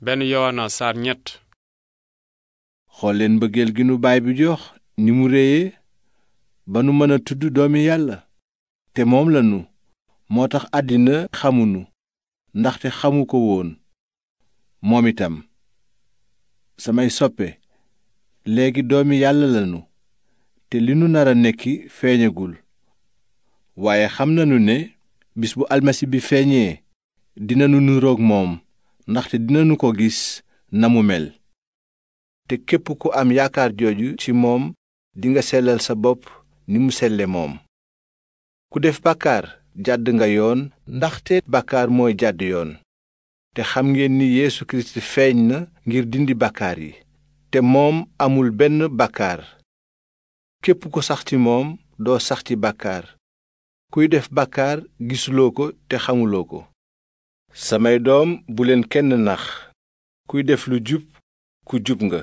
benn yowaana saar ñett xool leen mbëggeel gi nu baay bi jox ni mu réyee ba nu mën a tudd doomi yàlla te moom lanu moo tax àddina xamunu ndaxte xamu ko woon moom itam samay soppe léegi doomi yàlla lanu te li nu nar a nekk feeñagul waaye xam nanu ne bis bu almasi bi feeñee dinanu nuroog moom ndaxte dinañu ko gis na mu mel te képp ku am yaakaar jooju ci moom dinga sellal sa bopp ni mu selle moom ku def bàkkaar jàdd nga yoon ndaxte bàkkaar mooy jàdd yoon te xam ngeen ni Yeesu Kirist feeñ na ngir dindi bàkkaar yi te moom amul benn bàkkaar képp ku sax ci moom doo sax ci bàkkaar kuy def bàkkaar gisuloo ko te xamuloo ko samay doom buleen kenn nax kuy def lu jub ku jub nga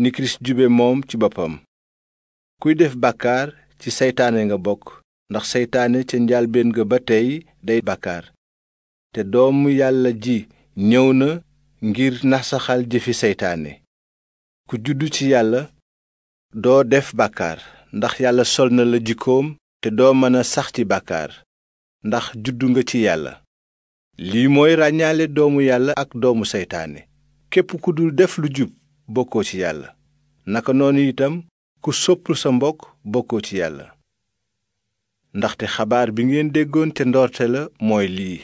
ni kirist jube moom ci boppam kuy def bàkkaar ci seytaane nga bokk ndax seytaane ca njaalbéen ga ba tey day bàkkaar te doomu yàlla ji ñëw na ngir nasaxal jëfi seytaane ku judd ci yàlla doo def bàkkaar ndax yàlla sol na la jikkoom te doo mën a sax ci bàkkaar ndax juddu nga ci yàlla lii mooy ràññaale doomu yàlla ak doomu seytaane képp ku dul def lu jub bokkoo ci yàlla naka noonu itam ku soppul sa mbokk bokkoo ci yàlla ndaxte xabaar bi ngeen déggoon te ndoorte la mooy lii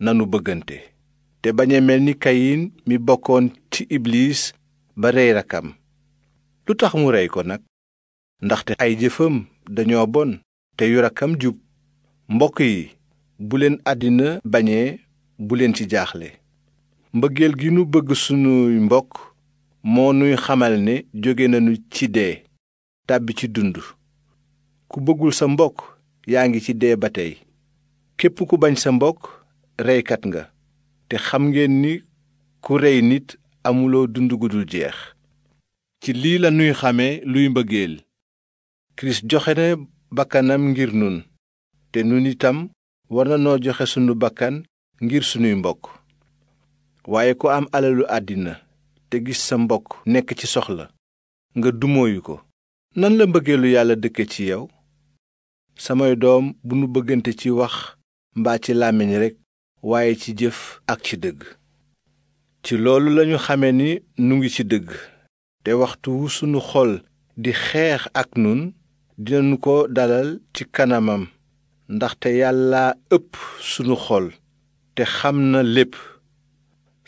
nanu bëggante te bañ a mel ni kayin mi bokkoon ci ibliis ba rey rakkam lu tax mu rey ko nag ndaxte ay jëfam dañoo bon te yu rakkam jub mbokk yi bu àddina bañee bu leen ci jaaxle mbëggeel gi nu bëgg sunuy mbokk moo nuy xamal ne jóge nañu ci dee tàbbi ci dund ku bëggul sa mbokk yaa ngi ci dee ba tey képp ku bañ sa mbokk reykat nga te xam ngeen ni ku rey nit amuloo dund gudul jeex ci lii la nuy xame luy mbëggeel joxe bakkanam ngir nun te war na noo joxe sunu bakkan ngir sunuy mbokk waaye ku am alalu àddina te gis sa mbokk nekk ci soxla nga dumooyu ko nan la mbëggeelu yàlla dëkke ci yow samay doom bu nu bëggante ci wax mbaa ci làmmiñ rekk waaye ci jëf ak ci dëgg ci loolu lañu xame ni nu ngi ci dëgg te waxtu wu sunu xol di xeex ak nun dinañu ko dalal ci kanamam ndaxte yàlla ëpp sunu xol te xam na lépp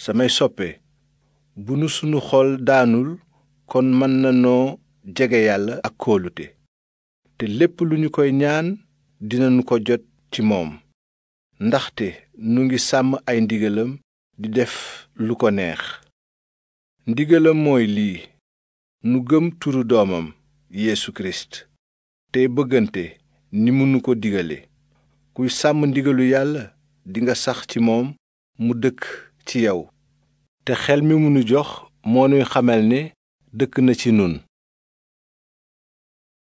samay soppe bu nu sunu xol daanul kon mën na noo jege yàlla ak kóolute te lépp lu ñu koy ñaan dinañu ko jot ci moom ndaxte nu ngi sàmm ay ndigalam di def lu ko neex ndigalam mooy lii nu gëm turu doomam yéesu Kirist te bëggante ni mu nu ko digale kuy sàmm ndigalu yàlla dinga sax ci moom mu dëkk ci yow te xel mi mu jox moo nuy xamal ne dëkk na ci nun